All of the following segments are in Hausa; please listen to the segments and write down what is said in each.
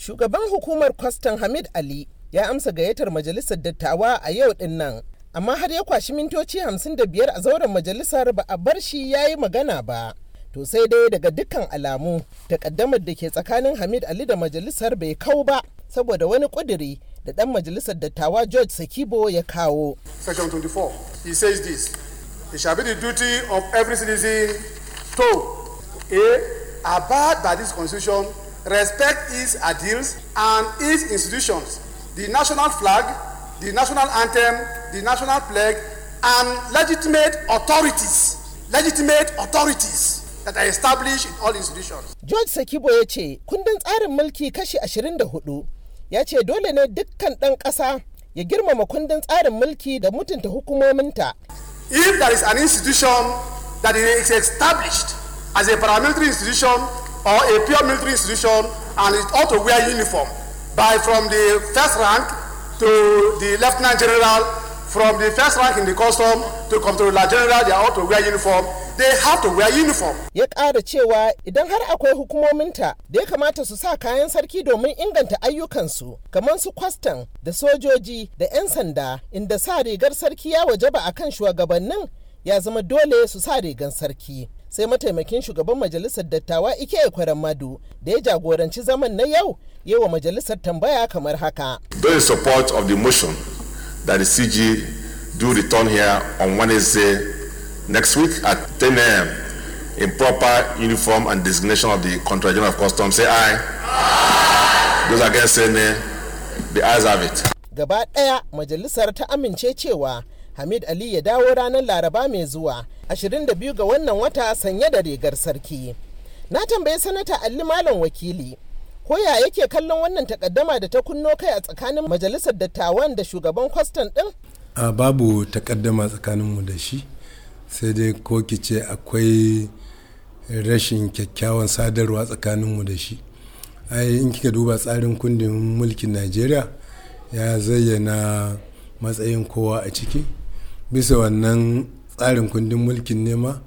Shugaban hukumar kwastan Hamid Ali ya amsa gayyatar majalisar dattawa a yau din nan, amma har ya kwashi mintoci hamsin da biyar a zauren majalisar ba a bar shi ya yi magana ba. To sai dai daga dukkan alamu takaddamar da ke tsakanin Hamid Ali da majalisar bai kau ba saboda wani ƙudiri da dan majalisar dattawa George Sakibo ya kawo. Section 24, he says this, it shall be the duty of every citizen to A, abide by this constitution respect its ideals and its institutions, the national flag, the national anthem, the national flag, and legitimate authorities. Legitimate authorities. that are established in all institutions. George Sakibo ya ce kundin tsarin mulki kashi 24 ya ce dole ne dukkan ɗan ƙasa ya girmama kundin tsarin mulki da mutunta hukumominta. If there is an institution that is established as a paramilitary institution or a pure military institution and it ought to wear uniform by from the first rank to the lieutenant general from the first rank in the custom to controller general they ought to wear uniform they have to wear uniform ya ƙara cewa idan har akwai hukumominta da ya kamata su sa kayan sarki domin inganta ayyukansu kamar su kwastan da sojoji da 'yan sanda inda sa rigar sarki ya wajaba akan shugabannin ya zama dole su sa rigar sarki sai mataimakin shugaban majalisar dattawa ike kwaren madu da ya jagoranci zaman na yau yi wa majalisar tambaya kamar haka. Though in of the motion that the CG do return here on Wednesday next week at 10 a.m. in proper uniform and designation of the Contra General of Customs say aye. Those against say The eyes have it. Gaba ɗaya majalisar ta amince cewa Hamid Ali ya dawo ranar Laraba mai zuwa 22 ga wannan wata sanye da rigar sarki. Na tambayi sanata Ali Malam wakili ko ya yake kallon wannan takaddama da ta kunno kai a tsakanin majalisar dattawan da shugaban kwastan din? A babu takaddama tsakaninmu da shi sai dai ko ki ce akwai rashin kyakkyawan sadarwa tsakaninmu da shi. Ai in kika duba tsarin kundin mulkin Najeriya ya zayyana matsayin kowa a ciki bisa wannan tsarin kundin mulkin nema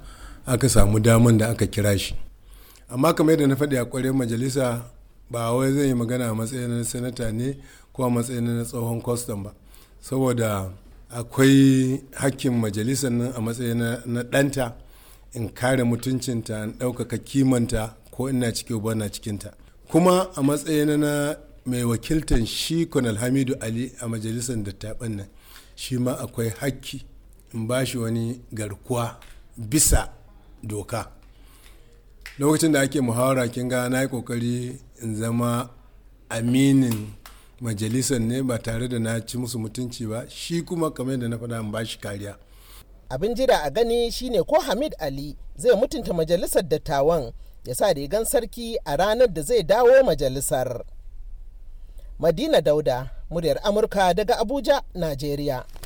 aka samu daman da aka kira shi amma kamar yadda na faɗi a ƙwarin majalisa ba wai zai yi magana a matsayin na sanata ne ko a matsayin na tsohon kwastam ba saboda akwai hakkin majalisa nan a matsayin na ɗanta in kare mutuncinta in ɗaukaka kimanta ko ina ciki ba na cikinta kuma a matsayin na mai wakiltan shi konal hamidu ali a majalisar dattaɓan nan shi ma akwai hakki in ba shi wani garkuwa bisa doka lokacin da ake muhawara kin ga na yi kokari in zama aminin majalisar ne ba tare da na ci musu mutunci ba shi kuma kamar da na faɗa in ba shi kariya abin jira a gani shine ko hamid ali zai mutunta majalisar dattawan ya sa rigan sarki a ranar da zai dawo majalisar madina dauda muryar amurka daga abuja najeriya